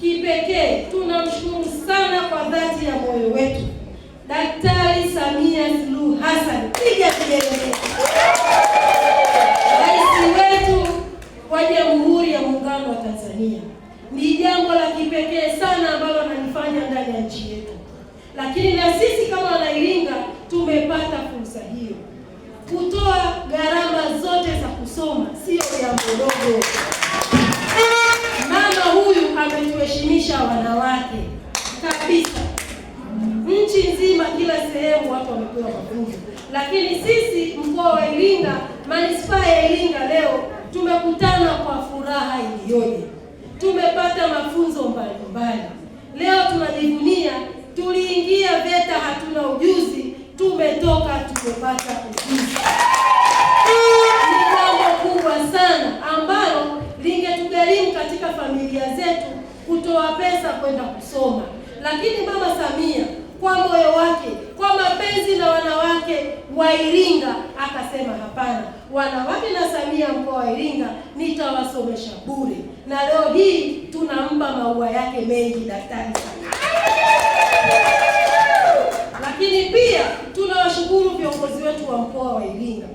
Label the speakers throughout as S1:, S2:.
S1: kipekee tunamshukuru sana kwa dhati ya moyo wetu Daktari Samia Suluhu Hassan, piga vigelegele, rais wetu wa Jamhuri ya Muungano wa Tanzania. Ni jambo la kipekee sana ambalo analifanya ndani ya nchi yetu, lakini na sisi kama Wanairinga tumepata fursa hiyo kutoa gharama zote za kusoma, sio jambo dogo. kila sehemu watu wamepewa mafunzo, lakini sisi mkoa wa Iringa, manispaa ya Iringa leo tumekutana kwa furaha iliyoje. Tumepata mafunzo mbalimbali. Leo tunajivunia, tuliingia VETA hatuna ujuzi, tumetoka tumepata ujuzi. Ni jambo kubwa sana ambalo lingetugharimu katika familia zetu kutoa pesa kwenda kusoma, lakini Mama Samia kwa moyo wake, kwa mapenzi na wanawake wa Iringa, akasema hapana, wanawake na Samia mkoa wa Iringa nitawasomesha bure, na leo hii tunampa maua yake mengi Daktari Lakini pia tunawashukuru viongozi wetu wa mkoa wa Iringa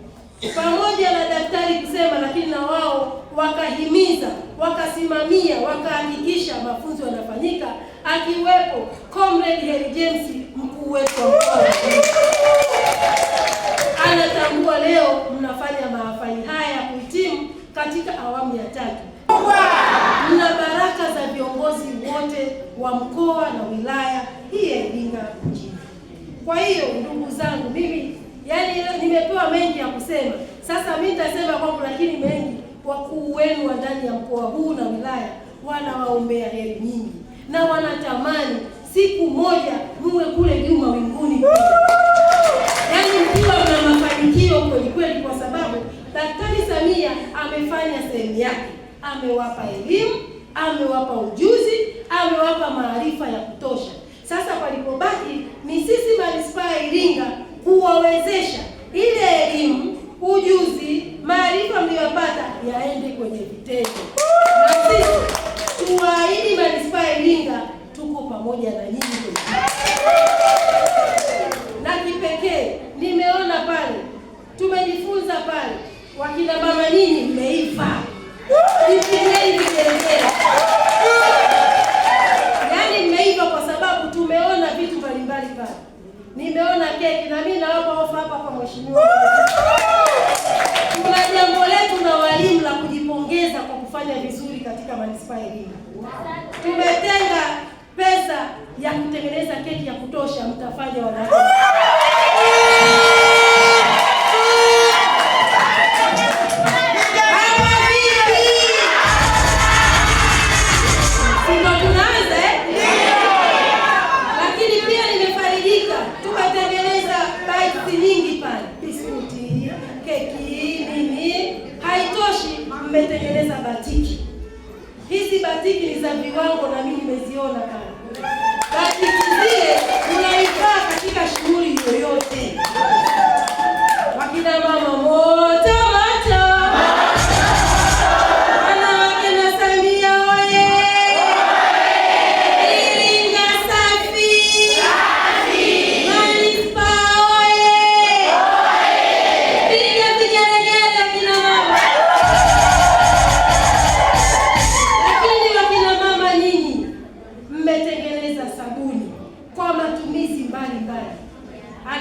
S1: pamoja na daktari kusema, lakini na wao wakahimiza, wakasimamia, wakahakikisha mafunzo yanafanyika, akiwepo Comrade Heri James wetu wa mkoa anatambua leo mnafanya mahafali haya ya kuhitimu katika awamu ya tatu. Mna baraka za viongozi wote wa mkoa na wilaya hii ya Iringa mjini. Kwa hiyo ndugu zangu, mimi yani nimepewa mengi ya kusema, sasa mimi nitasema kwangu, lakini mengi wakuu wenu wa ndani ya mkoa huu na wilaya wanawaombea heri nyingi na wanatamani siku moja uinue kule juu mawinguni. Yaani mkiwa na mafanikio kweli kweli, kwa sababu Daktari Samia amefanya sehemu yake, amewapa elimu, amewapa ujuzi, amewapa maarifa ya kutosha. Sasa palipobaki ni sisi manispaa ya Iringa kuwawezesha ile elimu, ujuzi, maarifa mliyopata yaende kwenye vitendo. Wakina mama nyinyi mmeiva. Ipigeni vigelegele. Yaani mmeiva kwa sababu tumeona vitu mbalimbali pale. Nimeona keki na mimi nawapa ofa hapa kwa mheshimiwa. Kuna jambo letu na walimu la kujipongeza kwa kufanya vizuri katika manispaa ya Iringa. Tumetenga pesa ya kutengeneza keki ya kutosha mtafanya wanawake. nimetengeneza batiki. Hizi batiki ni za viwango, na mimi nimeziona kama batiki zile unaivaa katika shughuli yoyote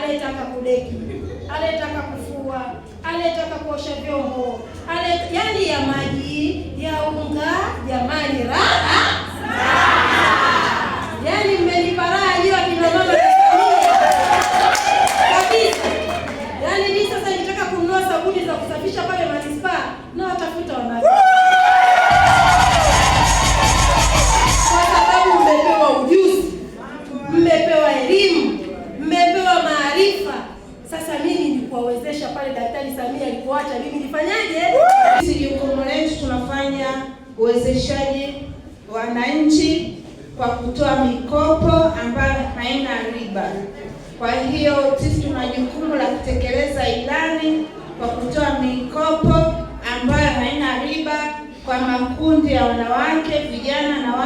S1: anayetaka kudeki, anayetaka kufua, anayetaka kuosha vyombo, yaani ya maji ya unga. Jamani, raha yaani mmenipa raha hiyo, akina mama kabisa. Yaani mimi sasa nitaka kununua sabuni za kusafisha pale manispaa na watafuta wanawake kupata mimi nifanyaje?
S2: Sisi ni jukumu letu, tunafanya uwezeshaji wananchi kwa kutoa mikopo ambayo haina riba. Kwa hiyo sisi tuna jukumu la kutekeleza ilani kwa kutoa mikopo ambayo haina riba kwa makundi ya wanawake, vijana na